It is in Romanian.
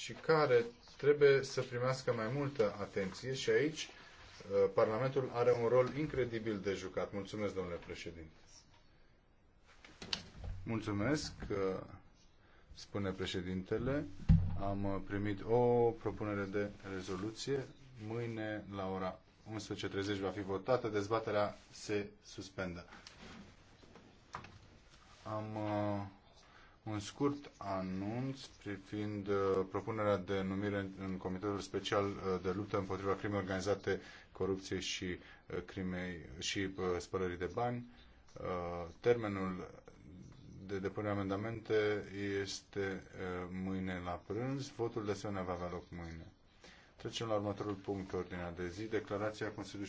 și care trebuie să primească mai multă atenție și aici uh, Parlamentul are un rol incredibil de jucat. Mulțumesc, domnule președinte. Mulțumesc, uh, spune președintele. Am uh, primit o propunere de rezoluție. Mâine, la ora 11.30, va fi votată. Dezbaterea se suspendă. Am un scurt anunț privind uh, propunerea de numire în Comitetul Special uh, de Luptă împotriva crimei organizate, corupției și, uh, crimei, și spălării de bani. Termenul de depunere amendamente este mâine la prânz. Votul de asemenea va avea loc mâine. Trecem la următorul punct ordinea de zi, declarația Consiliului